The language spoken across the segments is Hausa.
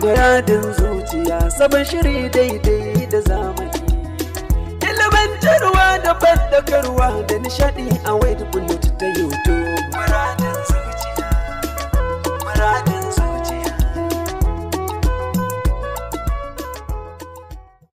Muradin zuciya sabon shiri daidai da zamani. Ilimantarwa da bandagarwa da nishadi a da bullet ta YouTube. Muradin zuciya, muradin zuciya.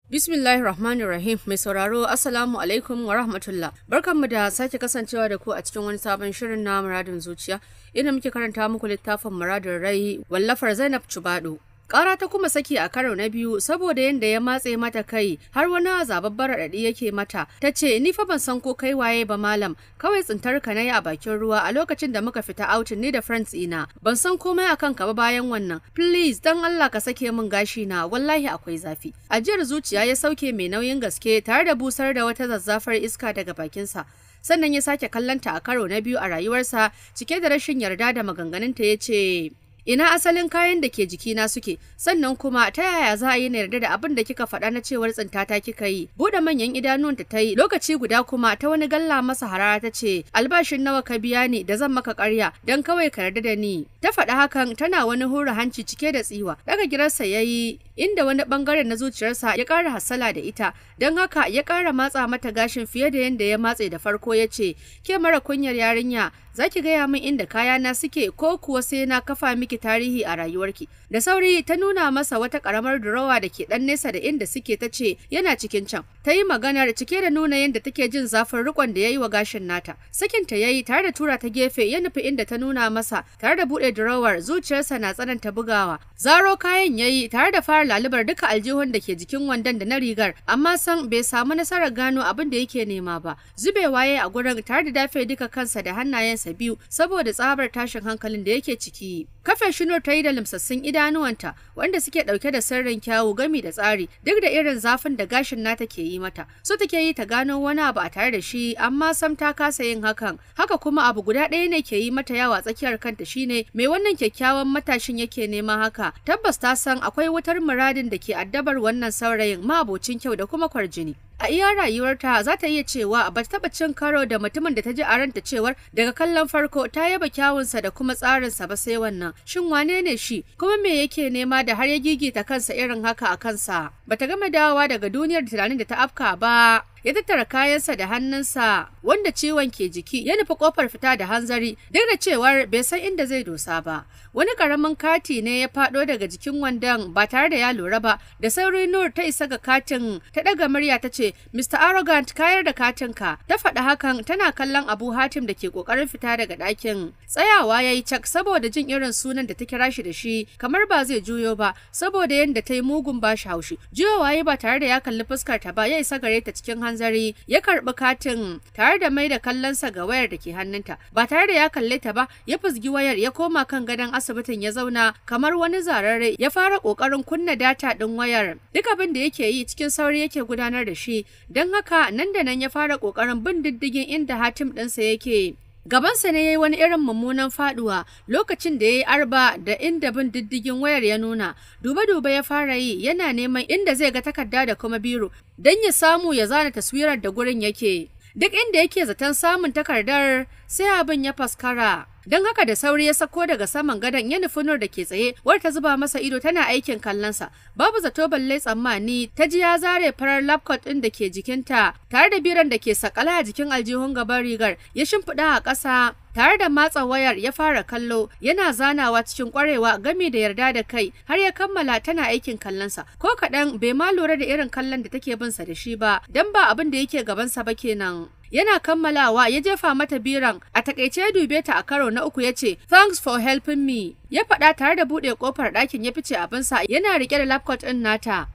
Bismillahir Rahmanir Rahim mai sauraro Assalamu alaikum wa rahmatullah. Barkanmu da sake kasancewa da ku a cikin wani sabon shirin na muradin zuciya. Ina muke karanta muku littafin muradin rai wallafar Zainab Cubado Kara ta kuma saki a karo na biyu saboda yadda ya matse mata kai har wani zababbar raɗaɗi yake mata ta ce ni fa ban san ko kai waye ba malam kawai tsintar ka yi a bakin ruwa a lokacin da muka fita outing ni da friends ina ban san komai akan ka ba bayan wannan please dan Allah ka sake min gashi na wallahi akwai zafi ajiyar zuciya ya sauke mai nauyin gaske tare da busar da wata zazzafar iska daga bakinsa sannan ya sake kallonta a karo na biyu a rayuwarsa cike da rashin yarda da maganganunta ya ce ina asalin kayan da ke jikina suke sannan kuma ta yaya za a yi na yarda da abin da kika faɗa na cewar tsintata kika yi buɗe manyan idanun ta yi lokaci guda kuma ta wani galla masa harara ta ce albashin nawa ka biya ni da zan maka ƙarya dan kawai ka yarda da ni ta faɗa hakan tana wani hura hanci cike da tsiwa daga girarsa ya yi inda wani bangaren na zuciyarsa ya ƙara hasala da ita don haka ya ƙara matsa mata gashin fiye da yadda ya matse da farko ya ce ke mara kunyar yarinya za ki gaya min inda kayana suke ko kuwa sai na kafa miki tarihi a rayuwarki. Da sauri ta nuna masa wata karamar durowa da ke ɗan nesa da inda suke ta ce yana cikin can. Ta yi magana da cike da nuna yadda take jin zafin rikon da ya yi wa gashin nata. Sakinta ya yi tare da tura ta gefe ya nufi inda ta nuna masa tare da buɗe durowar zuciyarsa na tsananta bugawa. Zaro kayan ya yi tare da fara lalubar duka aljihun da ke jikin wandon da na rigar amma san bai samu nasarar gano abin da yake nema ba. Zubewa ya yi a gurin tare da dafe duka kansa da hannayensa biyu saboda tsabar tashin hankalin da yake ciki Kafin shinur ta yi da limsassun idanuwanta wanda suke ɗauke da sirrin kyawu gami da tsari duk da irin zafin da gashin nata ke yi mata. So take yi ta gano wani abu a tare da shi amma sam ta kasa yin hakan. Haka kuma abu guda ɗaya ne ke yi mata yawa tsakiyar kanta shine me wannan kyakkyawan matashin yake neman haka. Tabbas ta san akwai wutar muradin da ke addabar wannan saurayin ma'abocin kyau da kuma kwarjini. a iya rayuwarta za ta iya cewa ba ta taɓa cin karo da mutumin da ta ji a ranta cewar daga kallon farko ta yaba kyawunsa da kuma tsarinsa ba sai wannan shin wane ne shi kuma me yake nema da har ya gigita kansa irin haka a kansa bata gama dawowa daga duniyar tunanin da ta afka ba ya tattara kayansa da hannunsa wanda ciwon ke jiki ya nufi kofar fita da hanzari duk da cewar bai san inda zai dosa ba wani karamin kati ne ya fado daga jikin wandon ba tare da ya lura ba da sauri nur ta isa ga katin ta daga murya ta ce mr arrogant kayar da katinka ta faɗi hakan tana kallon abu hatim da ke ƙoƙarin fita daga ɗakin tsayawa ya yi cak saboda jin irin sunan da ta kira shi da shi kamar ba zai juyo ba saboda yadda ta yi mugun bashi haushi juyowa ya ba tare da ya kalli fuskar ta ba ya isa gare ta cikin hanzari ya karbi katin tare da mai da kallonsa ga wayar da ke hannunta ba tare da ya kalle ta ba ya fusgi wayar ya koma kan gadon asibitin ya zauna kamar wani zarare ya fara kokarin kunna data din wayar duk abin da yake yi cikin sauri yake gudanar da shi don haka nan da nan ya fara kokarin bin diddigin inda hatim ɗinsa yake Gabansa ne ya yi wani irin mummunan faduwa lokacin da ya yi arba da inda bin diddigin wayar ya nuna. dube-dube ya fara yi yana neman inda zai ga takarda da kuma biro don ya samu ya zana taswirar da gurin yake. Duk inda yake zaton samun takardar sai abin ya faskara. Don haka da sauri ya sako daga saman gadon ya nufi Nur da ke tsaye, wadda ta zuba masa ido tana aikin kallonsa. Babu zato balle tsammani, ta ji ya zare farar lapcot ɗin da ke jikinta, tare da biran da ke sakala a jikin aljihun gaban rigar, ya shimfiɗa a ƙasa tare da matsa wayar ya fara kallo yana zanawa cikin kwarewa game da yarda da kai har ya kammala tana aikin kallonsa ko kaɗan bai ma lura da irin kallon da take bin sa da shi ba don ba abin da yake gabansa ba kenan. yana kammalawa ya jefa mata biran a takaice ya dube ta a karo na uku ya ce thanks for helping me ya faɗa tare da buɗe kofar ɗakin ya fice abinsa yana riƙe da lapcot ɗin nata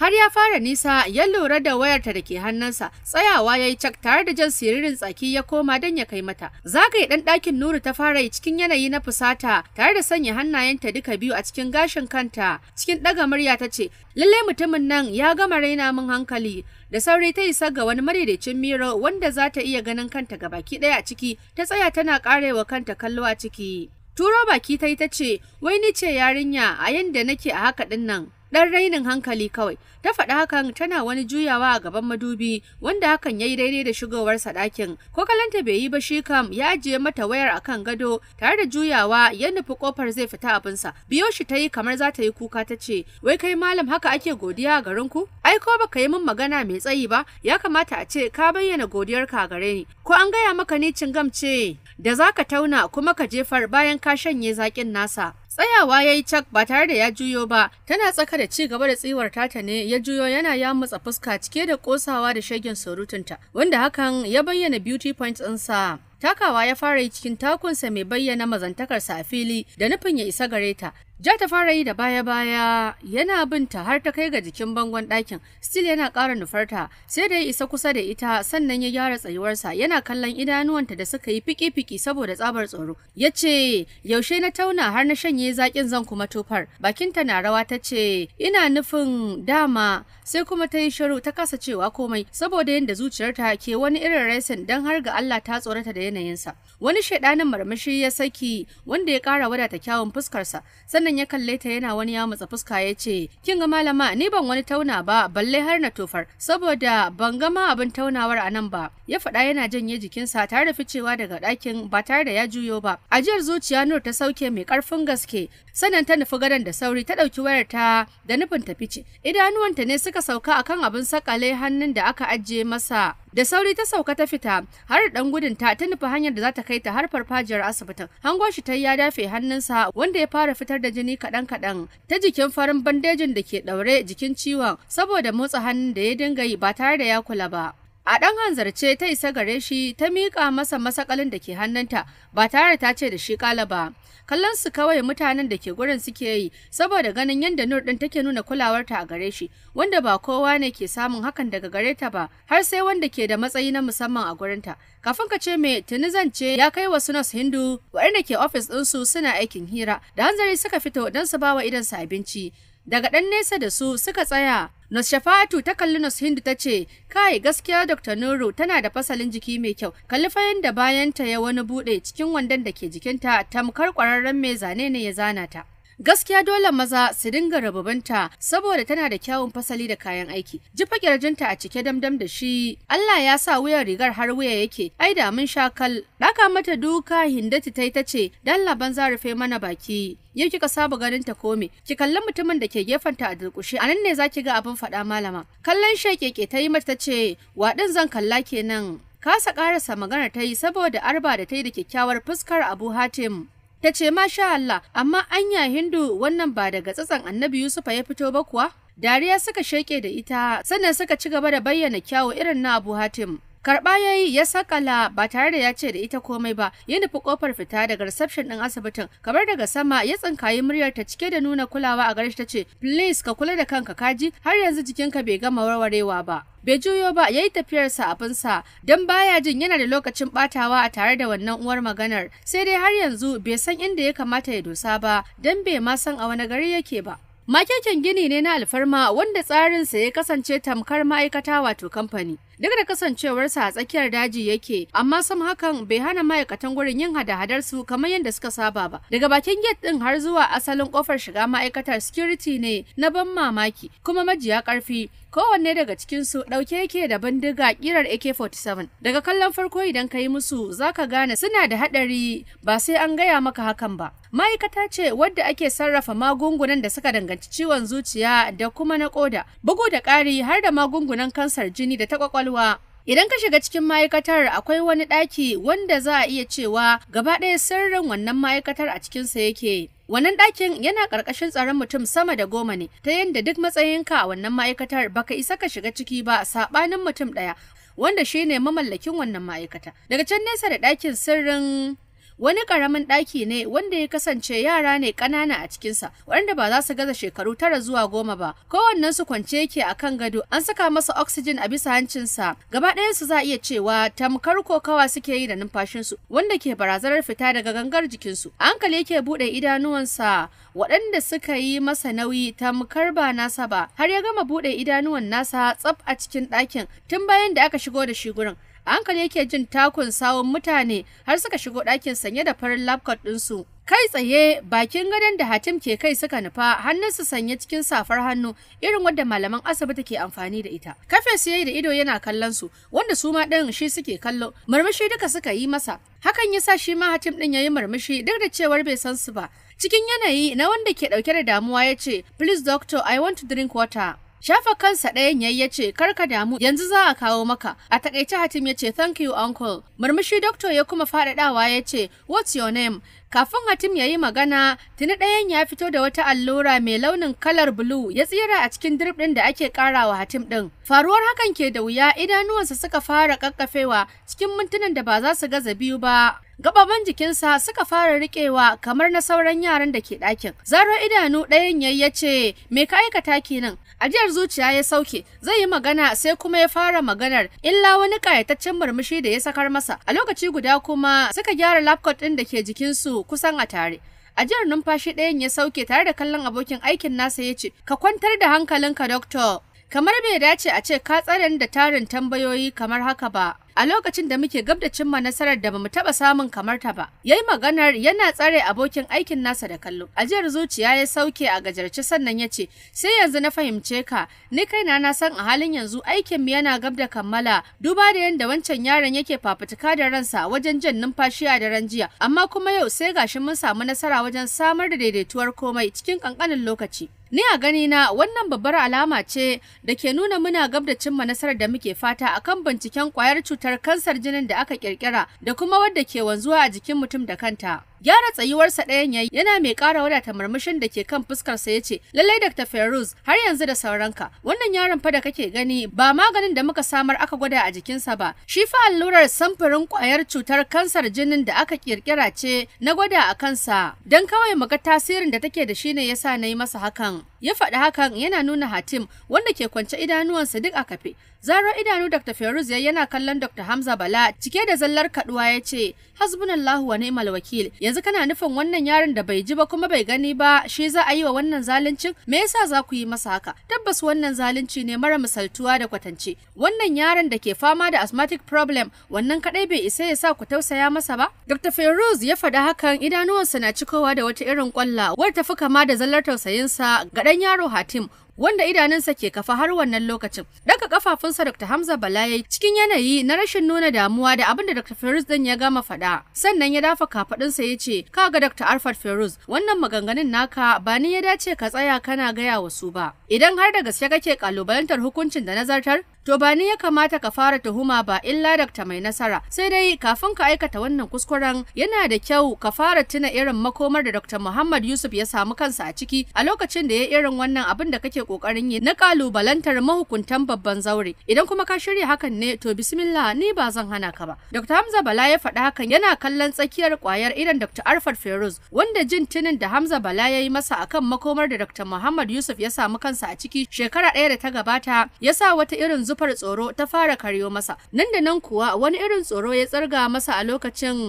har ya fara nisa ya lura da wayarta da ke hannunsa tsayawa ya yi cak tare da jan siririn tsaki ya koma don ya kai mata zagaye dan ɗakin nuru ta fara yi cikin yanayi na fusata tare da sanya hannayenta duka biyu a cikin gashin kanta cikin ɗaga murya ta ce lallai mutumin nan ya gama raina min hankali da sauri ta isa ga wani madaidaicin miro wanda za ta iya ganin kanta ga baki ɗaya a ciki ta tsaya tana karewa kanta kallo a ciki turo baki ta yi ta ce wai ni ce yarinya a yanda nake a haka ɗin nan ɗan rainin hankali kawai ta faɗi hakan tana wani juyawa a gaban madubi wanda hakan ya yi daidai da shigowarsa ɗakin ko kalanta bai yi ba shi kam ya ajiye mata wayar a kan gado tare da juyawa ya nufi kofar zai fita abinsa biyo shi ta yi kamar za ta yi kuka ta ce wai kai malam haka ake godiya a garinku ai ko baka yi min magana mai tsayi ba ya kamata a ce ka bayyana godiyarka a gare ni ko an gaya maka ni gam ce da za ka tauna kuma ka jefar bayan ka shanye zaƙin nasa Tsayawa ya yi cak ba tare da ya juyo ba, tana tsaka da ci gaba da tsiwar tata ne ya juyo yana ya matsa fuska cike da kosawa da shagen surutunta, wanda hakan ya bayyana beauty points ɗinsa. Takawa ya fara yi cikin takunsa mai bayyana mazantakarsa a fili da nufin ya isa gare ta, Ja ta fara yi da baya-baya yana binta har ta kai ga jikin bangon ɗakin, still yana ƙara nufarta, sai da ya isa kusa da ita sannan ya gyara tsayuwarsa yana kallon idanuwanta da suka yi fiki-fiki saboda tsabar tsoro. Ya ce, yaushe na tauna har na shanye zaƙin zan kuma tofar, bakinta na rawa ta ce, ina nufin dama sai kuma ta yi shiru ta kasa cewa komai saboda yadda zuciyarta ke wani irin resin don har ga Allah ta tsorata da yanayinsa. Wani shaidanin marmashi ya saki wanda ya ƙara wadata kyawun fuskarsa, sannan wannan ya kalle ta yana wani ya matsa fuska ya ce, Kin ga malama ni ban wani tauna ba balle har na tofar saboda ban gama abin taunawar a nan ba. Ya faɗa yana janye jikinsa tare da ficewa daga ɗakin ba tare da ya juyo ba. Ajiyar zuciya Nur ta sauke mai ƙarfin gaske sannan ta nufi gadon da sauri ta ɗauki wayar ta da nufin ta fice. Idanuwanta ne suka sauka akan abin sakale hannun da aka ajiye masa da sauri ta sauka ta fita har dan gudun ta ta nufi hanyar da za ta kai ta har farfajiyar asibitin hango shi ta ya dafe hannunsa wanda ya fara fitar da jini kaɗan kaɗan ta jikin farin bandejin da ke ɗaure jikin ciwon saboda motsa hannun da ya dinga yi ba tare da ya kula ba a ɗan hanzarce ta isa gare shi ta miƙa masa masakalin da ke hannunta ba tare ta ce da shi ƙala ba kallon su kawai mutanen da ke gurin suke yi saboda ganin yadda nur ɗin take nuna kulawarta a gare shi wanda ba kowa ne ke samun hakan daga gare ta ba har sai wanda ke da matsayi na musamman a gurinta kafin ka ce me tuni zance ya kai wasu nas hindu waɗanda ke ofis ɗinsu suna aikin hira da hanzari suka fito don su bawa idan su abinci daga ɗan nesa da su suka tsaya Nas Shafatu ta kalli Nas Hindu ta ce, "Kai gaskiya Dr. Nuru tana da fasalin jiki mai kyau." Kalli fayin da bayanta ya wani bude cikin wandon da ke jikinta tamkar kwararren mai zane ne ya zana ta. Gaskiya dole maza su dinga rababanta saboda tana da kyawun fasali da kayan aiki. Jifa kirjinta a cike damdam da shi. Allah ya sa wuyar rigar har wuya yake. Ai da mun sha kal. Daka mata duka Hindati tai tace dan laban za rufe mana baki. yau kika saba ganin ta kome ki kalli mutumin da ke gefenta a durkushe anan ne zaki ga abin faɗa malama kallon shekeke ta yi mata ce din zan kalla kenan kasa ƙarasa magana ta yi saboda arba da ta yi da kyakkyawar fuskar abu hatim Ta ce masha Allah, amma anya Hindu wannan ba daga tsatsan annabi Yusufa ya fito ba kuwa? Dariya suka sheke da ita sannan suka ci gaba da bayyana kyawu irin na Abu Hatim. karba yayi ya sakala ba tare da ya ce da ita komai ba ya nufi kofar fita daga reception din asibitin kamar daga sama ya tsinkayi muryar ta cike da nuna kulawa a gare ta ce please ka kula da kanka kaji har yanzu jikinka bai gama warwarewa ba bai juyo ba ya yi tafiyarsa abinsa don baya jin yana da lokacin batawa a tare da wannan uwar maganar sai dai har yanzu bai san inda ya kamata ya dosa ba don bai ma san a wani gari yake ba makeken gini ne na alfarma wanda tsarinsa ya kasance tamkar ma'aikata wato kamfani duk da kasancewarsa a tsakiyar daji yake amma sam hakan bai hana ma'aikatan gurin yin hada-hadar su kamar yadda suka saba ba daga bakin gate din har zuwa asalin kofar shiga ma'aikatar security ne na ban mamaki kuma majiya karfi kowanne daga cikin su dauke yake da bindiga kirar AK47 daga kallon farko idan ka yi musu zaka gane suna da hadari ba sai an gaya maka hakan ba ma'aikata ce wadda ake sarrafa magungunan da suka danganci ciwon zuciya da kuma na koda bugu da ƙari har da magungunan kansar jini da ta kwakwalwa. Idan ka shiga cikin ma'aikatar akwai wani ɗaki wanda za a iya cewa gaba ɗaya sirrin wannan ma'aikatar a cikinsa yake. Wannan ɗakin yana ƙarƙashin tsaron mutum sama da goma ne, ta yadda duk matsayinka a wannan ma'aikatar baka isa ka shiga ciki ba saɓanin mutum ɗaya, wanda shine mamallakin wannan ma'aikata. Daga can nesa da ɗakin sirrin wani karamin ɗaki ne wanda ya kasance yara ne ƙanana a cikinsa waɗanda ba za su gaza shekaru tara zuwa goma ba kowannen su kwance yake a kan gado an saka masa oxygen a bisa hancinsa gaba ɗayan su za iya cewa tamkar kokawa suke yi da numfashinsu wanda ke barazanar fita daga gangar jikinsu hankali yake buɗe idanuwansa waɗanda suka yi masa nauyi tamkar ba nasa ba har ya gama buɗe idanuwan nasa tsaf a cikin ɗakin tun bayan da aka shigo da shi gurin hankali yake jin takun sawun mutane har suka shigo ɗakin sanye da farin labkot ɗinsu. Kai tsaye bakin gadon da Hatim ke kai suka nufa hannunsu sanye cikin safar hannu irin wadda malaman asibiti ke amfani da ita. Kafe su yayi da ido yana kallon su wanda su ma ɗin shi suke kallo murmushi duka suka yi masa. Hakan ya sa shi ma Hatim ɗin ya yi murmushi duk da cewar bai san su ba. Cikin yanayi na wanda ke ɗauke da damuwa ya ce, Please doctor, I want to drink water. Shafa kansa ɗayan yayi ya ce, ka damu, yanzu za a kawo maka. A takaice Hatim ya ce, Thank you, uncle. Murmushi doctor ya kuma faɗaɗawa ya ce, What's your name? Kafin Hatim ya yi magana, tuni ɗayan ya fito da wata allura mai launin kalar bulu ya tsira a cikin dirb ɗin da ake ƙarawa Hatim ɗin. Faruwar hakan ke da wuya idanuwansa suka fara ƙaƙƙafewa cikin mintunan da ba za su gaza biyu ba. gababan jikinsa suka fara riƙewa kamar na sauran yaran da ke ɗakin. Zaro idanu ɗayan yayi ya ce, "Me ka aikata kenan?" Ajiyar zuciya ya sauke, zai yi magana sai kuma ya fara maganar, illa wani ƙayataccen murmushi da ya sakar masa. A lokaci guda kuma suka gyara laptop ɗin da ke jikinsu kusan a tare. A jihar numfashi ɗayan ya sauke tare da kallon abokin aikin nasa ya ce, Ka kwantar da hankalinka, Doktor. Kamar bai dace a ce ka tsare da tarin tambayoyi kamar haka ba, a lokacin da muke gab da cimma nasarar da bamu taba samun kamar ta ba. Yayi maganar yana tsare abokin aikin nasa da kallo. Ajiyar zuciya ya sauke a gajarce sannan ya ce, "Sai yanzu na fahimce ka, ni kaina na san a halin yanzu aikin mu yana gab da kammala, duba da yadda wancan yaron yake fafutuka da ransa wajen jan numfashi a daren jiya, amma kuma yau sai gashi mun samu nasara wajen samar da daidaituwar komai cikin kankanin lokaci." Ni a ganina wannan babbar alama ce da ke nuna muna gab da cimma nasarar da muke fata akan binciken kwayar cutar kansar jinin da aka kirkira da kuma wadda ke wanzuwa a jikin mutum da kanta. Gyara tsayuwarsa ɗayan yayi yana mai ƙara wadata murmushin da ke kan fuskarsa ya ce, Lallai Dr. Feruz har yanzu da sauranka, wannan yaron fa da kake gani ba maganin da muka samar aka gwada a jikinsa ba, shi fa allurar samfurin ƙwayar cutar kansar jinin da aka ƙirƙira ce na gwada a kansa, don kawai muga tasirin da take da shi ne yasa na yi masa hakan. ya faɗi hakan yana nuna hatim wanda ke kwance idanuwansa duk a kafe zarar idanu dr feruz ya yana kallon dr hamza bala cike da zallar kaduwa ya ce hasbunallahu wa ni'mal wakil yanzu kana nufin wannan yaron da bai ji ba kuma bai gani ba shi za a yi wa wannan zaluncin me yasa za ku yi masa haka tabbas wannan zalunci ne mara misaltuwa da kwatance wannan yaron da ke fama da asthmatic problem wannan kadai bai isa ya sa ku tausaya masa ba dr feruz ya faɗi hakan idanuwansa na cikowa da wata irin kwalla wadda ta fi kama da zallar tausayinsa ga Ɗan yaro Hatim wanda idanunsa ke kafa har wannan lokacin. Daga kafafunsa Dr. Hamza Bala yayi cikin yanayi na rashin nuna damuwa da abin da Dr. Feruz din ya gama faɗa. Sannan ya dafa kafadinsa ya ce, "Kaga Dr. Arfat Feruz, wannan maganganun naka ba ni ya dace ka tsaya kana gaya wa su ba. Idan har da gaske kake kalubalantar hukuncin da nazartar, to ba ni ya kamata ka fara tuhuma ba illa Dr. Mai Nasara. Sai dai kafin ka aikata wannan kuskuren yana da kyau ka fara tuna irin makomar da Dr. Muhammad Yusuf ya samu kansa a ciki a lokacin da ya irin wannan abin da kake kokarin yi na kalubalantar mahukuntan babban zaure idan kuma ka shirya hakan ne to bismillah ni ba zan hana ka ba dr hamza bala ya faɗi hakan yana kallon tsakiyar kwayar irin dr arfat feroz wanda jin tunin da hamza bala ya yi masa akan makomar da dr muhammad yusuf ya samu kansa a ciki shekara ɗaya da ta gabata ya sa wata irin zufar tsoro ta fara karyo masa nan da nan kuwa wani irin tsoro ya tsirga masa a lokacin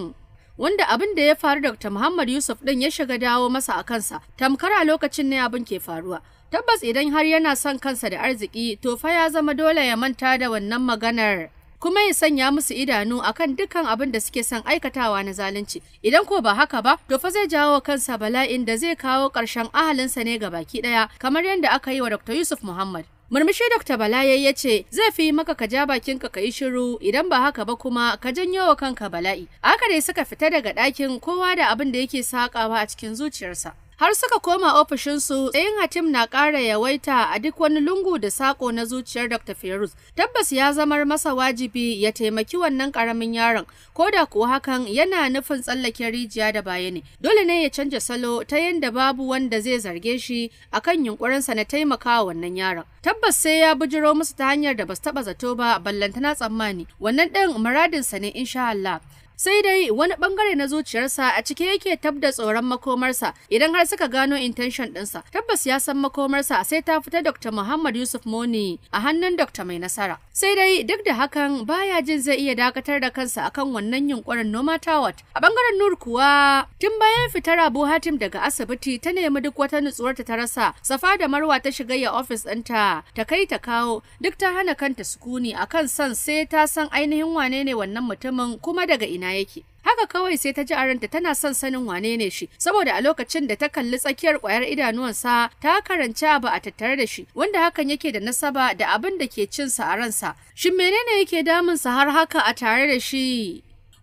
wanda abin da ya faru Dr. Muhammad Yusuf ɗin ya shiga dawo masa a kansa tamkar a lokacin ne abin ke faruwa Tabbas idan har yana son kansa da arziki to fa ya zama dole ya manta da wannan maganar. kuma ya sanya musu idanu akan dukkan abin da suke son aikatawa na zalunci idan ko ba haka ba to fa zai jawo kansa bala'in da zai kawo ƙarshen ahalinsa ne ga baki ɗaya kamar yadda aka yi wa Dr. Yusuf Muhammad Murmushi Dr. bala ya ce, Zai fi maka ka ja bakinka ka yi shiru idan ba haka ba kuma ka janyo wa kanka bala'i. Aka dai suka fita daga ɗakin kowa da abin da yake saƙawa a cikin zuciyarsa. har suka koma ofishinsu tsayin hatim na ƙara yawaita a duk wani lungu da sako na zuciyar dr Ferus. tabbas ya zamar masa wajibi ya taimaki wannan ƙaramin yaron ko da kuwa hakan yana nufin tsallake rijiya da baya ne dole ne ya canja salo ta yadda babu wanda zai zarge shi akan yunkurinsa na taimaka wannan yaron tabbas sai ya bujiro musu ta hanyar da ba su taɓa zato ba ballantana tsammani wannan ɗin muradinsa ne insha Allah sai dai wani bangare na zuciyarsa a cike yake tabda tsoron makomarsa idan har suka gano intention ɗinsa tabbas ya san makomarsa sai ta fita Dr. Muhammad Yusuf Moni a hannun Dr. Mai Nasara sai dai duk da hakan baya jin zai iya dakatar da kansa akan wannan yunkurin Noma Tawat a bangaren Nur kuwa tun bayan fitar Abu Hatim daga asibiti ta nemi duk wata nutsuwar ta rasa Safa da Marwa ta shiga ya ofis ɗinta ta kai ta kawo duk ta hana kanta sukuni akan san sai ta san ainihin wane ne wannan mutumin kuma daga ina ina yake haka kawai sai ta ji a ranta tana son sanin wane ne shi saboda a lokacin da ta kalli tsakiyar kwayar idanuwansa ta karanci abu a tattare da shi wanda hakan yake da nasaba da abin da ke cinsa a ransa shin menene yake damunsa har haka a tare da shi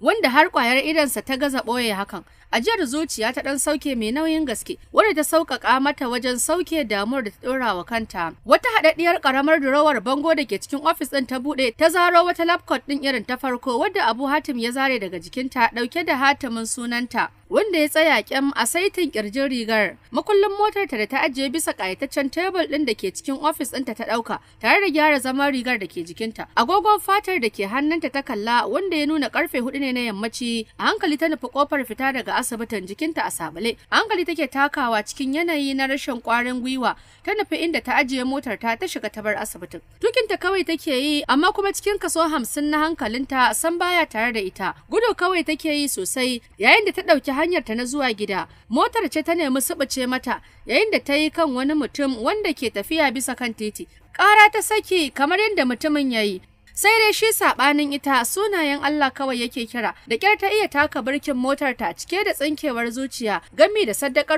wanda har kwayar idansa ta gaza ɓoye hakan ajiyar zuciya ta dan sauke mai nauyin gaske wadda ta sauƙaƙa mata wajen sauke damuwar da ta ɗora wa kanta wata haɗaɗɗiyar ƙaramar durowar bango da ke cikin ofis ɗin ta buɗe ta zaro wata lapcot ɗin irin ta farko wadda abu hatim ya zare daga jikinta ɗauke da hatimin sunanta wanda ya tsaya kyam a saitin kirjin rigar makullin motar ta da ta ajiye bisa kayataccen tebul din da ke cikin ofis ɗinta ta ɗauka tare da gyara zaman rigar da ke jikinta agogon fatar da ke hannunta ta kalla wanda ya nuna karfe hudu ne na yammaci a hankali ta nufi kofar fita daga asibitin jikinta a sabale a hankali take takawa cikin yanayi na rashin kwarin gwiwa ta nufi inda ta ajiye motar ta ta shiga tabar bar asibitin tukinta kawai take yi amma kuma cikin kaso hamsin na hankalinta san baya tare da ita gudu kawai take yi sosai yayin da ta ɗauki hanyarta na zuwa gida. Motar ce ta nemi subuce mata yayin da ta yi kan wani mutum wanda ke tafiya bisa kan titi. Ƙara ta saki kamar yadda mutumin ya yi. Sai dai shi saɓanin ita sunayen Allah kawai yake kira da ƙyar ta iya taka birkin motar ta cike da tsinkewar zuciya gami da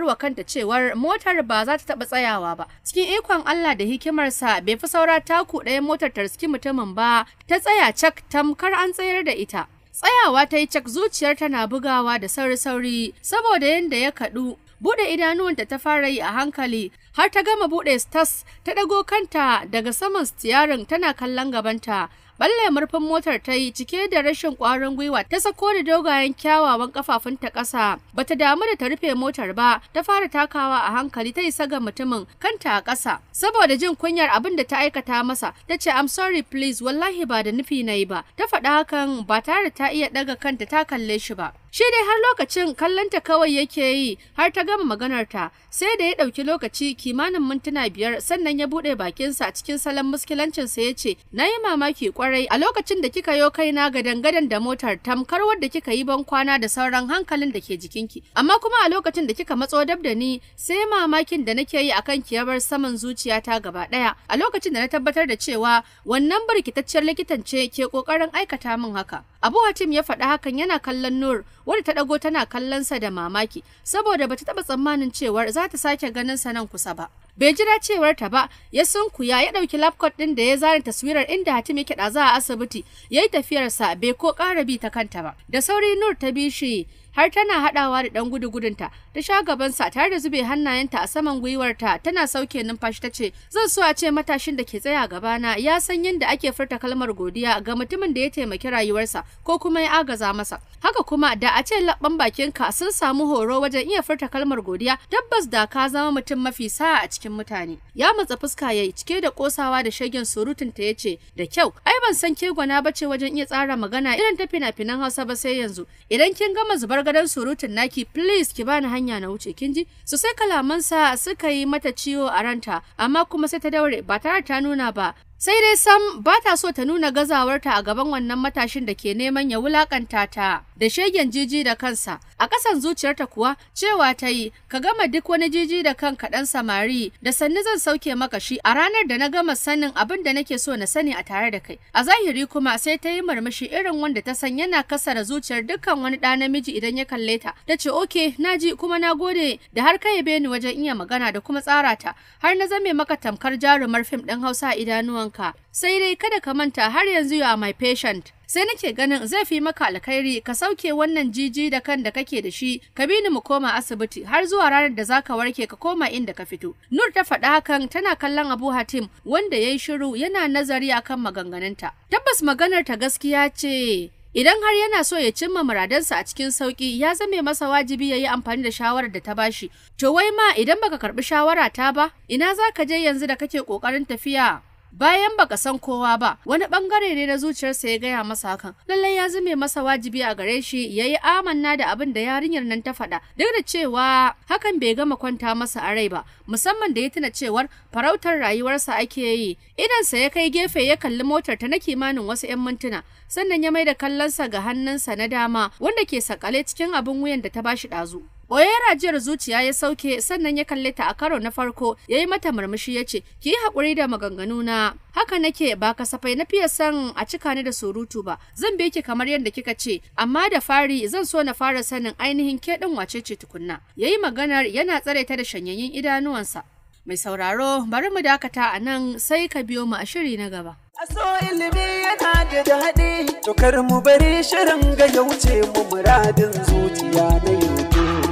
wa kanta cewar motar ba za ta taɓa tsayawa ba. Cikin ikon Allah da hikimarsa bai fi saura taku ɗaya motar ta mutumin ba ta tsaya cak tamkar an tsayar da ita. Tsayawa ta yi cak zuciyar tana bugawa da sauri-sauri saboda yadda ya kaɗu. Buɗe idanuwanta ta fara yi a hankali har ta gama buɗe stars ta ɗago kanta daga saman stiyarin tana kallon gabanta balle murfin motar ta yi cike da rashin ƙwarin gwiwa ta sako da dogayen kyawawan kafafunta ƙasa bata damu da ta rufe motar ba ta fara takawa a hankali ta isa ga mutumin kanta a ƙasa saboda jin kunyar abin da ta aikata masa ta ce I'm sorry please wallahi ba da nufi na yi ba ta faɗa hakan ba tare ta iya ɗaga kanta ta kalle shi ba Shi dai har lokacin kallonta kawai yake yi har ta gama maganarta sai da ya ɗauki lokaci kimanin mintuna biyar sannan ya buɗe bakinsa a cikin salon muskilancinsa ya ce na yi mamaki kwarai a lokacin da kika yo kaina ga dangadan da motar tamkar wadda kika yi ban kwana da sauran hankalin da ke jikinki amma kuma a lokacin da kika matso dab da ni sai mamakin da nake yi akan ki bar saman zuciyata gaba ɗaya a lokacin da na tabbatar da cewa wannan barkitacciyar likitan ce ke ƙoƙarin aikata min haka. Abu Hatim ya faɗi hakan yana kallon Nur wadda ta dago tana kallon sa da mamaki saboda bata taba tsammanin cewar za ta sake ganin sa nan kusa ba. Bai jira cewar ta ba, ya sunkuya ya dauki laptop ɗin da ya zare taswirar inda Hatim yake daza a asibiti, yayi tafiyarsa bai ko ƙara bi ta kanta ba. Da sauri Nur ta bi shi har tana haɗawa da ɗan gudu gudunta ta sha gabansa tare da zube hannayenta a saman gwiwarta tana sauke numfashi ta ce zan so a ce matashin da ke tsaya gabana ya san yadda ake furta kalmar godiya ga mutumin da ya taimaki rayuwarsa ko kuma ya agaza masa haka kuma da a ce labban ka, sun samu horo wajen iya furta kalmar godiya tabbas da ka zama mutum mafi sa'a a cikin mutane ya matsa fuska yayi cike da kosawa da shagen surutun ta yace da kyau ai ban san ke gwana bace wajen iya tsara magana irin ta fina-finan Hausa ba sai yanzu idan kin gama zubar gadon surutun naki please ki bani hanya na wuce kin ji su sai kalamansa suka yi mata ciwo a ranta amma kuma sai ta daure ba tare ta nuna ba sai dai sam ba ta so ta nuna gazawarta a gaban wannan matashin da ke neman ya wulakanta ta da shegen jiji da kansa a kasan zuciyarta kuwa cewa ta yi ka gama duk wani jiji da kan kaɗan samari da sannu zan sauke maka shi a ranar da na gama sanin abin da nake so na sani a tare da kai a zahiri kuma sai ta yi murmushi irin wanda ta san yana kasara zuciyar dukkan wani ɗa namiji idan ya kalle ta ta ce oke na ji kuma na gode da har ka beni ni wajen iya magana da kuma tsara ta har na zame maka tamkar jarumar fim ɗin hausa a idanuwan ka sai dai kada ka manta har yanzu ya my patient sai nake ganin zai fi maka alkhairi ka sauke wannan jiji da kan da kake da shi ka bi ni mu koma asibiti har zuwa ranar da zaka warke ka koma inda ka fito nur ta faɗa hakan tana kallon abu hatim wanda yayi shiru yana nazari akan maganganunta tabbas maganar ta gaskiya ce Idan har yana so ya cimma muradansa a cikin sauki ya zame masa wajibi ya yi amfani da shawarar da ta bashi. To wai ma idan baka karbi shawara ta ba, ina za ka je yanzu da kake kokarin tafiya bayan baka san kowa ba wani bangare ne na zuciyarsa ya gaya masa hakan lallai ya zume masa wajibi a gare shi ya yi amanna da abin da yarinyar nan ta faɗa duk da cewa hakan bai gama kwanta masa a rai ba musamman da ya tuna cewar farautar rayuwarsa ake yi idansa ya kai gefe ya kalli motar ta na kimanin wasu 'yan mintuna sannan ya mai da kallonsa ga hannunsa na dama wanda ke sakale cikin abin wuyan da ta bashi ɗazu Boye rajiyar zuciya ya sauke sannan ya kalle ta a karo na farko ya yi mata murmushi ya ce ki yi haƙuri da maganganu na haka nake ba kasafai na fiye san a cika ni da surutu ba zan bi ki kamar yadda kika ce amma da fari zan so na fara sanin ainihin ke ɗin wace ce tukunna ya yi maganar yana tsare ta da shanyayyin idanuwansa. Mai sauraro bari mu dakata a nan sai ka biyo mu a shiri na gaba. Aso ilimi yana da daɗi, to mu bari shirin ga yauce mu muradin zuciya na yau.